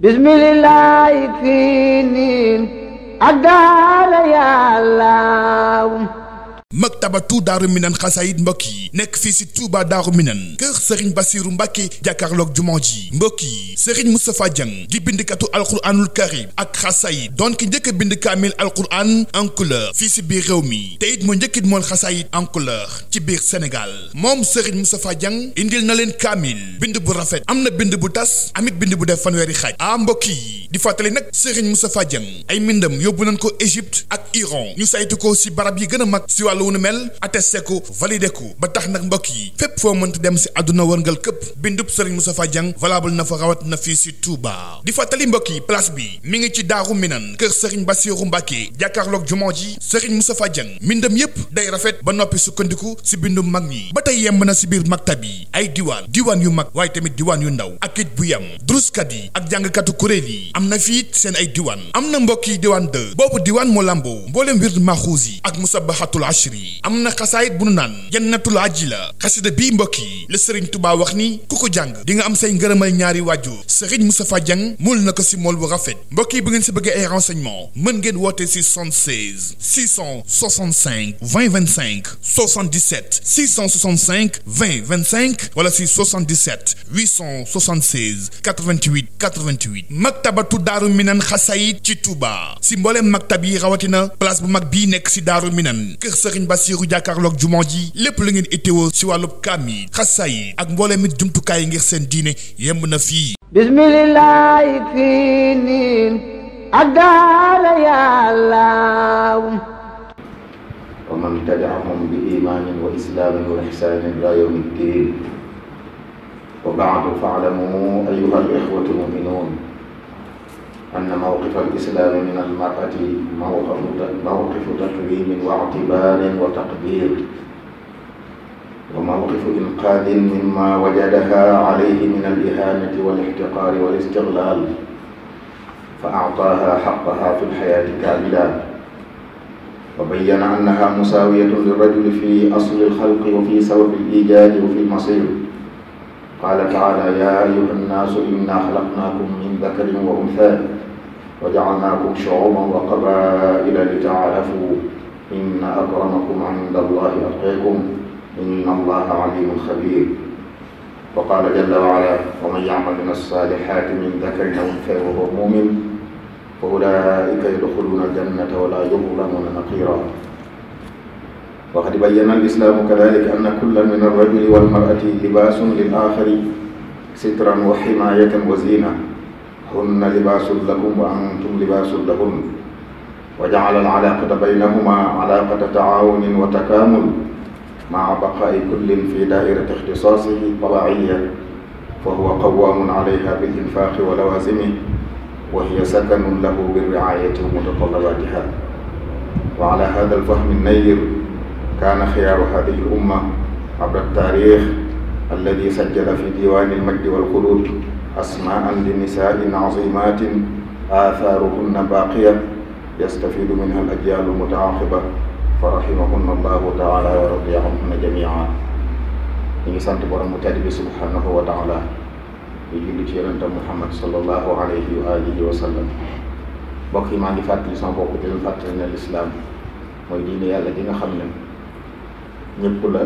bismillaahi fiinin ak daala yàllaaw club tabatu daaru minan xasaayit mbokk yi nekk fii si Touba daaru minan kër Serigne Bassirou Mbacke jàkkaarloog jumaa ji mbokk yi Serigne Moustapha Dieng di bindikatu alquranul njëkk bind kaamil alquran en couleur fii si biir réew mi te it moo njëkkit moon xasaayit en ci biir Sénégal moom Serigne Moustapha Dieng indil na leen kaamil bind bu rafet am na bind bu tas amit bind bu def fanweeri xaaj ah mbokk yi di fàttali nag Serigne Moustapha Dieng ay mbindam yóbbu nañ ko Égypte ak Iran ñu saytu ko si barab mel attesté ko validé ko ba tax nag mbokk yi fépp foo mënta dem si àdduna wërngal këpp bindub Serigne Moustapha Dieng valable na fa rawat na fii si Touba di fàttali mbokk yi place bi mi ngi ci Daaru Minan kër Serigne Bassirou Mbacké jàkkaarloog jumaa ji Serigne Moustapha Dieng mbindam yépp day rafet ba noppi sukkandiku si bindu mag ñi ba tey yemb na si biir maktab yi ay diwaan diwaan yu mag waaye tamit diwaan yu ndaw ak it bu yem druskat yi ak jàngkatu kuréel yi am na fii seen ay diwaan am na mbokk yi diwaan boobu diwaan moo làmboo mbooleem wird maxuus yi ak musabahatul ashri am na xasaayit bu nu naan jannatul aji la xasida bii mbokk yi la sëriñ tubaa wax ni ku ko jàng di nga am say ngërëmal ñaari waajur sëriñ Moustapha Dieng mul na ko si mool bu rafet mbokk yi bu ngeen si bëggee ay renseignement mën ngeen wootee si 76 665 20 25 77 665 20 25 wala si 77 876 88 88 maktabatu daaru minan xasaayit ci Touba si mbooleem maktab yi rawatina place bu mag bii nekk si daaru minan kër sëriñ Bass Bassirou jàkkaarloog jumaa ji lépp la ngeen itteewoo si wàllub kaam yi xasaa yi ak mbooleem it jumtukaay yi ngir seen diine yemb na fii bismillahi fii niin ak daala yàllaaw wa man tabiahum bi imaanin wa islaamin wa ixsaanin ilaa yawmi ddiin wa baadu faalamu ayyuha al ixwatu lmuminuun أن موقف الإسلام من المرأة موقف موقف تكريم واعتبار وتقدير وموقف إنقاذ مما وجدها عليه من الإهانة والاحتقار والاستغلال فأعطاها حقها في الحياة كاملا وبين أنها مساوية للرجل في أصل الخلق وفي سبب الإيجاد وفي المصير قال تعالى يا أيها الناس إنا خلقناكم من ذكر وأنثى وجعلناكم شعوبا وقبائل لتعارفوا إن أكرمكم عند الله أتقاكم إن الله عليم خبير وقال جل وعلا ومن يعمل من الصالحات من ذكر أو أنثى وهو مؤمن فأولئك يدخلون الجنة ولا يظلمون نقيرا وقد بين الإسلام كذلك أن كل من الرجل والمرأة لباس للآخر سترا وحماية وزينة hunna libaasun lakum wa antum libaasun lahunna wa ja'ala al-'alaaqata baynahumaa 'alaaqata ta'aawunin wa takaamul ma'a baqaa'i kullin fii daa'irati ikhtisaasihi taba'iyyan fa huwa qawwaamun 'alayhaa bil-infaaqi wa lawaazimihi wa hiya sakanun lahu bi-ri'aayatihi wa mutatallabaatihaa wa 'alaa haadha al-fahmi an-nayr kaana xiyaaru haadihi al-umma 'abra at-taariikh alladii sajjala fii diiwaani al-majdi wal-khuluud asmaan li nisaain azimatin athaaruhunna baaqiya yastafidu minha al ajyaalu mutaaxiba fa rahimahunna allahu taala wa radiahunna jamia ñu ngi sant borom bu tedd bi subhanahu wa taala di julli ci yonente muhammad sallallahu alayhi wa alihi wa sallam mbokk yi maa ngi fàttali sama bopp di leen fàttali ne lislaam mooy diine yàlla di nga xam ne ñëpp la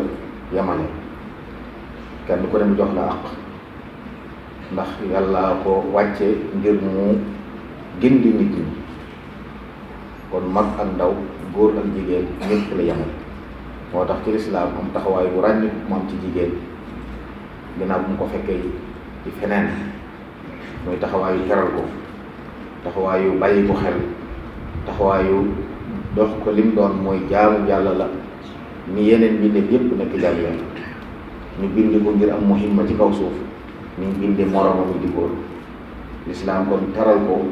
yemale kenn ku dem jox la àq ndax yàlla ko wàcce ngir mu gindi nit ñi kon mag ak ndaw góor ak jigéen ñëpp la yemal moo tax ci lislaam am taxawaay bu ràññiku moom ci jigéen ginnaaw bu mu ko fekkee ci feneen mooy taxawaayu teral ko taxawaayu bàyyi ko xel taxawaayu dox ko lim doon mooy jaamu yàlla la ni yeneen mbindeef yépp nekk jaamu yàlla ñu bind ko ngir am muhimma ci kaw suuf ni mu bindee moromam di ko lislaam kon teral ko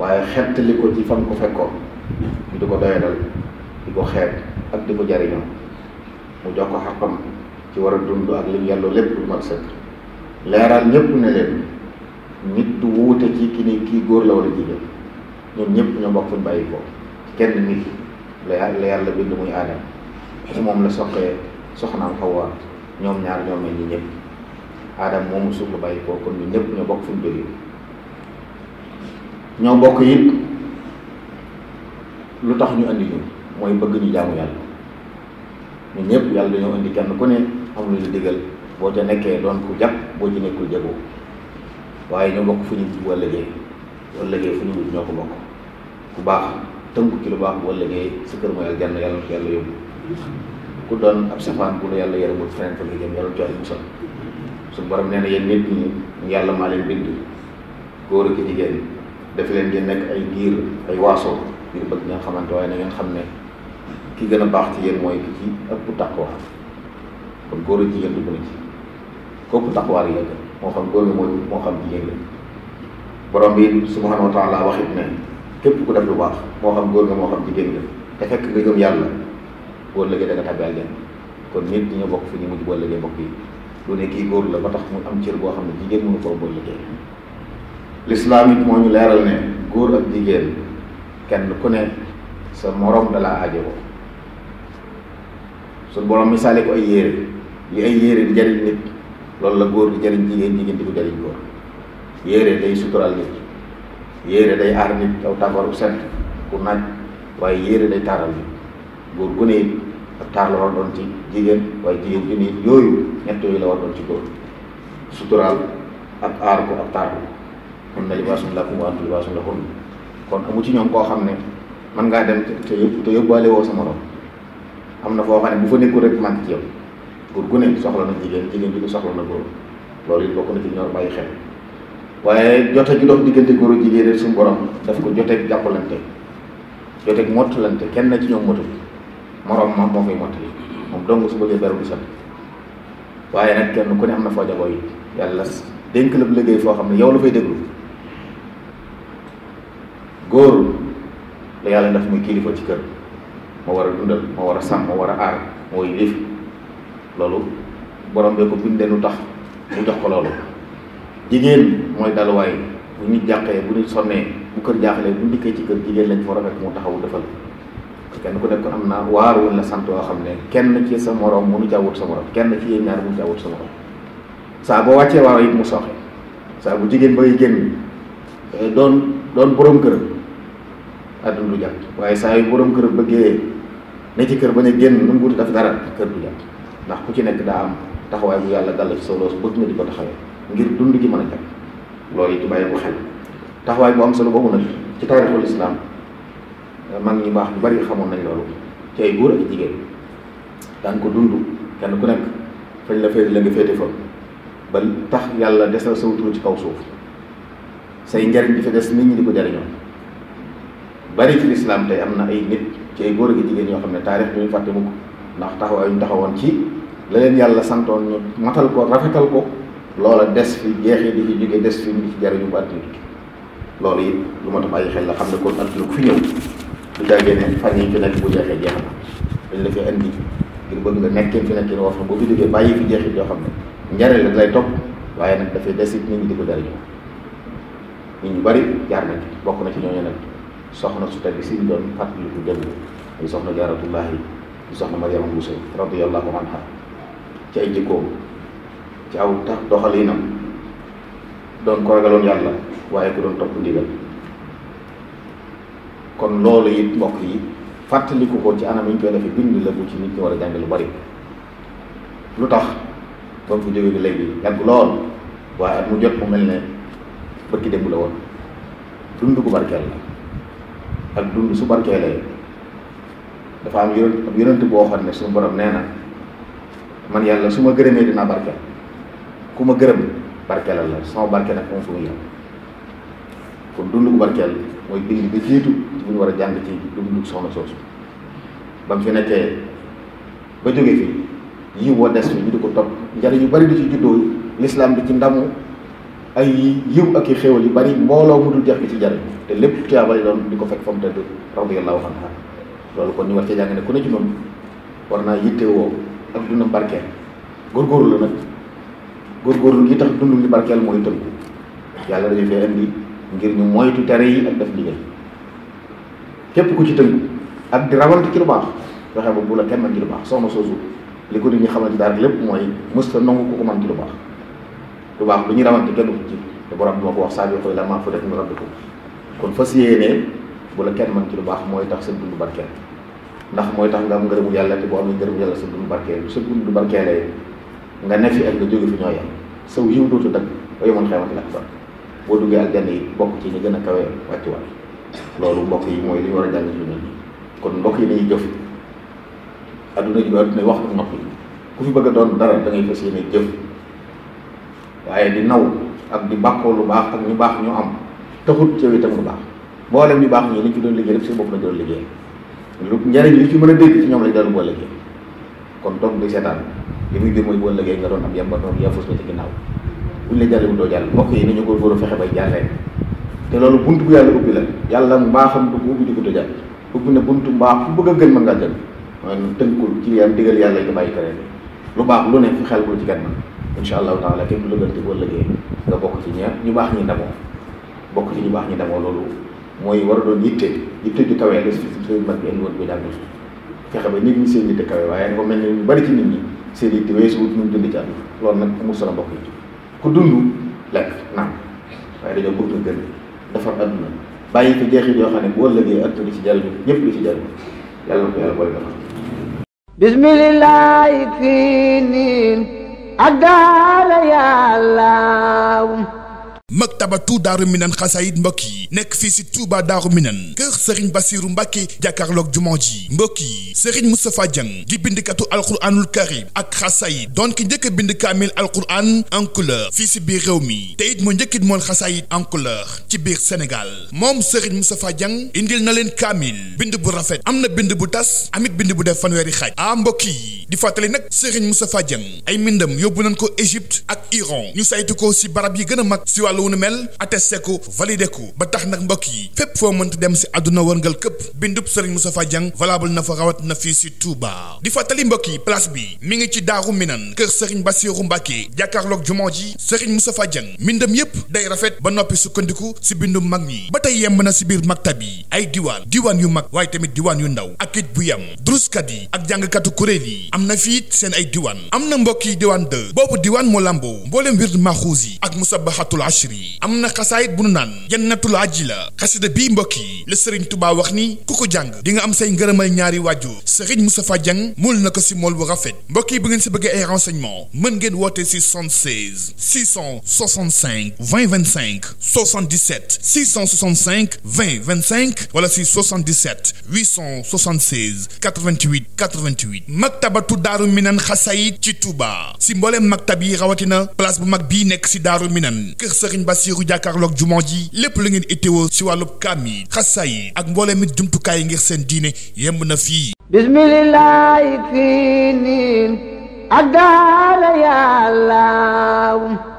waaye xettali ko ci fam ko fekkoon ñu di ko doyadal di ko xeet ak di ko jariñoo mu jox ko xaqam ci war a dund ak lim yàlla lépp lu mat sëkk leeral ñépp ne leen nit du wuute ci ki ni kii góor la wala jigéen ñoom ñëpp ñoo bokk fu ñu bàyyi ko kenn nit la la yàlla bind muy aadama ci moom la soqee soxnaam xawwa ñoom ñaar ñoom ñi ñëpp aadama moomu suuf la bàyyi koo kon ñun ñëpp ñoo bokk fu ñu jógee ñoo bokk lu tax ñu andi mooy bëgg ñu jaamu yàlla ñun ñëpp yàlla dañoo andi kenn ku ne am lu ñu digal boo ca nekkee doon ku jàpp boo ci nekkul jagoo waaye ñoo bokk fu ñu wala lëgee fu ñu wut ñoo ko bokk ku baax tënku ci lu baax wala lëgee sa kër mooy aljanna yàlla yàlla yóbbu ku doon ab safaan bu la yàlla yaramul feneen fa nga jëm yàlla joxe musal su borom nee na yéen nit ñi yàlla maa leen bind góor ak jigéen def leen ngeen nekk ay giir ay waaso ngir bëgg ngeen xamante waaye na ngeen xam ne ki gën a baax ci yéen mooy ci ëpp taqwa kon góor ak jigéen dugg moo xam góor gi moo xam jigéen la borom bi subhanahu wa taala waxit ne képp ku def lu baax moo xam góor nga moo xam jigéen nga te fekk nga gëm yàlla boo lëgee da nga tàbbi àjjana kon nit ñi bokk fi ñu mujj boo lëgee mbokk yi lu ne kii góor la ba tax mu am cër boo xam ne jigéen mënu koo bëllëgee lislaam it moo ñu leeral ne góor ak jigéen kenn ku ne sa morom dalaa ko suñ borom misaale ko ay yére li ay yére di jariñ nit loolu la góor di jariñ jigéen jigéen di ko jariñ góor yére day sutural nit yére day aar nit aw tàggooru set ku naaj waaye yére day taaral nit góor ku ne ak taar la war doon ci jigéen waaye jigéen ji nit yooyu ñett yooyu la war doon ci góor suturaal ak aar ko ak taar ko mun na libaasun lakum wa antum libaasun lahun kon amu ci ñoom koo xam ne mën ngaa dem te te yóbbaale woo sa morom am na foo xam ne bu fa nekkul rek man ci pour góor gu soxla na jigéen jigéen bi du soxla na góor loolu it bokk na ci ñor bàyyi xel waaye jote gi dox diggante góor a jigéen rek suñu borom daf ko joteeg jàppalante joteeg kenn na ci ñoom motul moroom moom moo koy mottali moom dong su bëggee beru du sot waaye nag kenn ku ne am na foo jagoo yàlla dénk la bu liggéey foo xam ne yow la fay déglu góor la yàlla daf muy kilifa ci kër moo war a dundal moo war a sàmm moo war a aar moo yilif loolu borom bee ko bindee nu tax mu jox ko loolu jigéen mooy daluwaay bu nit jàqee bu nit sonnee bu kër jaaxlee bu ndikkee ci kër jigéen lañ fa rafet mu taxawu defal kenn ku nekk am na waar wala sant yoo xam ne kenn ci sa morom mënu caa sa morom kenn ci yéen ñaar mënu caa wut saa boo wàccee waaw it mu soxe saa bu jigéen bay génn eh, doon doon boroom këram àdduna du jàpp waaye saa yu borom këram bëggee ne ci kër ba ne génn nu mu wuti daf dara kër du jàpp ndax ku ci nekk daa am taxawaay bu yàlla dal ci sa loos bëgg nga di ko taxawee ngir dund gi mën a jàpp loolu it bàyyi ko xel taxawaay bu am solo boobu nag ci taarixul islam mag ñu baax bu bari xamoon nañ loolu ci ay góor ak jigéen daan ko dund kenn ku nekk fañ la fay la nga féete fa ba tax yàlla desal sa tur ci kaw suuf say njariñ di fi des nit ñi di ko jariñoo bari fi lislaam tey am na ay nit ci ay góor ak jigéen ñoo xam ne taarix bi ñu fàtte mukk ndax taxawaay ñu taxawoon ci la leen yàlla santoon ñu matal ko rafetal ko loola des fi jeexee di fi jóge des fi ñu ci jariñu bu àddina loolu it lu ma tax ay xel la xam ne kon àddina ku fi bu jàggee ne fan yi fi nekk bu jeexee jeex na dañ la fi indi ngir bëgg nga nekkin fi nekkin woo xam boo fi jógee bàyyi fi jeexit yoo xam ne njariñ rek lay topp waaye nag dafay desit nit ñi di ko jariñoo nit ñu bari jaar na ci bokk na ci ñooñu nag soxna su tedd si ñu doon fàttaliku dem muy soxna jaaratullahi di soxna Mariama Buso radiyallahu anha ci ay jikkoom ci aw tax doxalinam doon ko ragaloon yàlla waaye ku doon topp ndigal kon loolu it mbokk yi fàttaliku ko ci anam yi ñu koy defee bind la bu ci nit ñi war a jàng lu bari lu tax ba mu fi jógee bi yàgg lool waaye at mu jot mu mel ne ki démb la woon dund gu barkeel la ak dund su barkeelee dafa am yonent ab boo xam ne suñu borom nee na man yàlla su ma gërëmee dinaa barkeel ku ma gërëm barkeelal la sama barkeel nag moom mu yem kon dund gu barkeel mooy bind bi jiitu ci ñu war a jàng ci dugub soxna soosu ba mu fi nekkee ba jógee fi yi wa des fi ñu di ko topp njariñ yu bari di ci juddoo lislaam bi ci ndam ay yiw ak i xéwal yu bari mbooloo mu dul jeex bi ci jariñ te lépp tuyaaba yi doon di ko fekk fa mu tëdd radiyallahu anha loolu kon ñu war cee jàng ne ku ne ci noonu war naa yittewoo ak dundam barkeel góorgóorlu la nag góorgóorlu gi tax dundum li barkeel mooy tënku yàlla dañu fee indi ngir ñu moytu tere yi ak def liggéey képp ku ci tënku ak di rawante ci lu baax fexe ba bu la kenn man ci lu baax soxna soosu li ko nit ñi xamante daal lépp mooy mësta nangu ku ko man ci lu baax lu baax lu ñuy rawante kenn ci te borom bi ko wax saa yoo koy la maa fa def mu rabbi ko kon fas yéenee bu la kenn man ci lu baax mooy tax sa dund barkeel ndax mooy tax nga am ngërëmu yàlla te boo amee ngërëmu yàlla sa dund barkeel sa dund barkeelee nga ne fi ak nga jóge fi ñoo yem saw yiw dootu dëkk ba la ak boo duggee aljanna yi bokk ci ñi gën a kawe wàccuwaay loolu mbokk yi mooy li war a jàng ci nit ñi kon mbokk yi dañuy jëf adduna ji adduna wax ak noppi ku fi bëgg a doon dara da ngay fas yéene jëf waaye di naw ak di bàkkoo lu baax ak ñu baax ñu am taxut ci yow itam lu baax mboolem ñu baax ñi liñ ci doon liggéey rek seen bopp lañ doon liggéey lu njëriñ li fi mën a dégg ci ñoom lañ doon boole kon toog di seetaan li muy jur mooy boo liggéey nga doon doon yaa fas ci ginnaaw buñ la jàllee doo jàll mbokk yi ñu ko góor a fexe bay jàll te loolu bunt bu yàlla ubbi la yàlla mbaaxam du ko ubbi di ko dojal ubbi na buntu mbaax fu bëgg a gën mën ngaa jël waaye nu tënkul ci yam digal yàlla yi nga bàyyi baax lu ne fi xel bu ci gan man incha allahu bokk ci ña ñu baax ñi ndamoo bokk ci ñu baax ñi ndamoo loolu mooy war a doon yitte yitte ju kawee la si seen mag bi indi fexe ba nit ñi seen yitte waaye nga mel ni ñu bari ci nit ñi seen yitte weesu wut ñu dund ci àdduna loolu nag mu solo mbokk yi ku dund lekk naan waaye dañoo bëgg a gën defar adduna bàyyi fi jeexit yoo xam ne bu ëllëgee adduna ci jariñu ñëpp di ci jariñu yàlla ko yàlla booy defar bismillahi fii nii yàlla maktabatu daaru minan xasaayit mbokk nekk fii si Touba daaru minan kër sëriñ basiiru mbàkke jàkkaarloog jumaa ji mbokk yi sëriñ Moustapha Dieng di bindikatu alquraanul karim ak xasaayit doon ki njëkk a bind kaamil alquraan en couleur fii si biir réew mi te it moo njëkkit moon xasaayit en couleur ci biir Sénégal moom sëriñ Moustapha Dieng indil na leen kaamil bind bu rafet am na bind bu tas amit bind bu def fanweeri xaaj ah mbokk yi di fàttali nag sëriñ Moustapha Dieng ay mbindam yóbbu nañ ko Égypte ak Iran ñu saytu ko si barab a mag mel attesté ko validé ko ba tax nag mbokk yi fépp foo mënta dem si àdduna wërngal këpp bindub Serigne Moustapha Dieng valable na fa rawat na fii si Touba di fàttali mbokk yi place bi mi ngi ci Daaru Minan kër Serigne Bassirou Mbacké jàkkaarloog jumaa ji Serigne Moustapha Dieng mbindam yépp day rafet ba noppi sukkandiku si bindu mag ñi ba tey yemb na si biir maktab yi ay diwaan diwaan yu mag waaye tamit diwaan yu ndaw ak it bu yem druskat yi ak jàngkatu kuréel yi am na fii seen ay diwaan am na mbokk yi diwaan boobu diwaan moo làmboo mbooleem wird maxuus yi ak musabahatul ashri am na xasaayit bu nu naan jannatul aji la xasida bii mbokk yi la sëriñ tubaa wax ni ku ko jàng di nga am say ngërëmal ñaari waajur sëriñ Moustapha Dieng mul na ko si mool bu rafet mbokk yi bu ngeen si bëggee ay renseignement mën ngeen woote si 76 665 20 25 77 665 20 25 wala si 77 876 88 88 maktabatu daaru minan xasaayit ci Touba si mbooleem maktab yi rawatina place bu mag bii nekk si daaru minan kër sëriñ Bass Bassirou jàkkaarloog jumaa ji lépp la ngeen itteewoo si wàllub kaam yi ak mbooleem it jumtukaay yi ngir seen diine yemb na fii bismillaahi fii niin ak daala yàlla